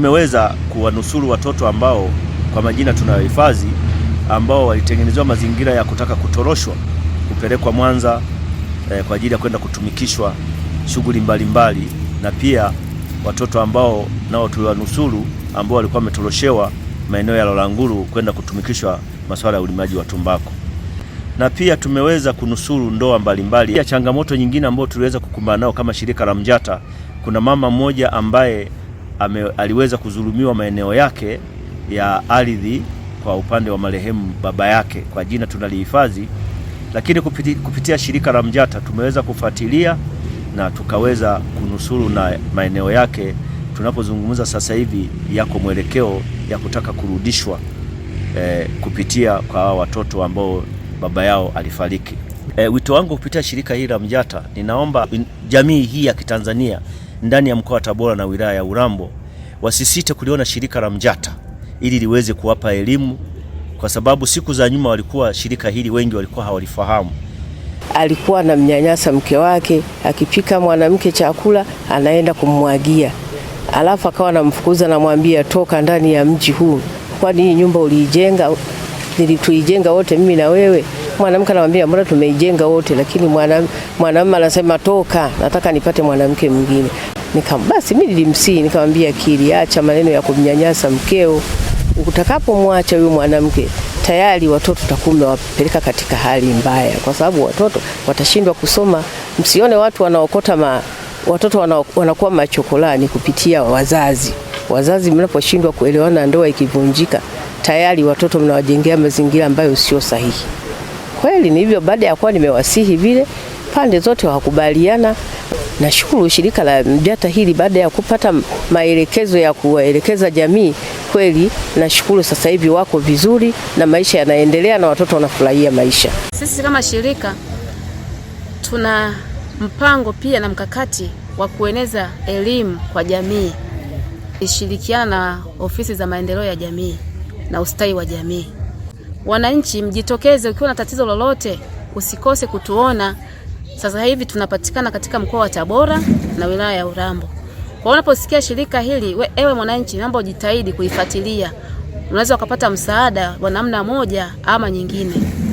Tumeweza kuwanusuru watoto ambao kwa majina tunayohifadhi ambao walitengenezewa mazingira ya kutaka kutoroshwa kupelekwa Mwanza eh, kwa ajili ya kwenda kutumikishwa shughuli mbalimbali, na pia watoto ambao nao tuliwanusuru ambao walikuwa wametoroshewa maeneo ya Lolanguru kwenda kutumikishwa masuala ya ulimaji wa tumbako, na pia tumeweza kunusuru ndoa mbalimbali mbali. Changamoto nyingine ambayo tuliweza kukumbana nao kama shirika la Mjata, kuna mama mmoja ambaye ame, aliweza kudhulumiwa maeneo yake ya ardhi kwa upande wa marehemu baba yake, kwa jina tunalihifadhi, lakini kupiti, kupitia shirika la Mjata tumeweza kufuatilia na tukaweza kunusuru na maeneo yake tunapozungumza sasa hivi yako mwelekeo ya kutaka kurudishwa eh, kupitia kwa watoto ambao baba yao alifariki. Eh, wito wangu kupitia shirika hili la Mjata, ninaomba jamii hii ya Kitanzania ndani ya mkoa wa Tabora na wilaya ya Urambo wasisite kuliona shirika la Mjata ili liweze kuwapa elimu, kwa sababu siku za nyuma walikuwa shirika hili wengi walikuwa hawalifahamu. Alikuwa anamnyanyasa mke wake, akipika mwanamke chakula anaenda kumwagia, alafu akawa anamfukuza, namwambia toka ndani ya mji huu, kwani hii nyumba uliijenga, nilituijenga wote mimi na wewe Mwanamke anamwambia mbona tumeijenga wote, lakini mwanamume anasema toka, nataka nipate mwanamke mwingine. Nikam, basi mimi nilimsii, nikamwambia akili, acha maneno ya kumnyanyasa mkeo. Utakapomwacha huyo mwanamke tayari watoto utakuwa wapeleka katika hali mbaya, kwa sababu watoto watashindwa kusoma. Msione watu wanaokota ma, watoto wana, wanakuwa machokolani kupitia wazazi. Wazazi mnaposhindwa kuelewana, ndoa ikivunjika, tayari watoto mnawajengea mazingira ambayo sio sahihi. Kweli ni hivyo, baada ya kuwa nimewasihi vile, pande zote wakubaliana. Nashukuru shirika la MDATA hili baada ya kupata maelekezo ya kuwaelekeza jamii, kweli nashukuru sasa hivi wako vizuri na maisha yanaendelea na watoto wanafurahia maisha. Sisi kama shirika tuna mpango pia na mkakati wa kueneza elimu kwa jamii ishirikiana na ofisi za maendeleo ya jamii na ustawi wa jamii. Wananchi mjitokeze, ukiwa na tatizo lolote usikose kutuona. Sasa hivi tunapatikana katika mkoa wa Tabora na wilaya ya Urambo. Kwa unaposikia shirika hili we, ewe mwananchi, naomba ujitahidi kuifuatilia, unaweza ukapata msaada wa namna moja ama nyingine.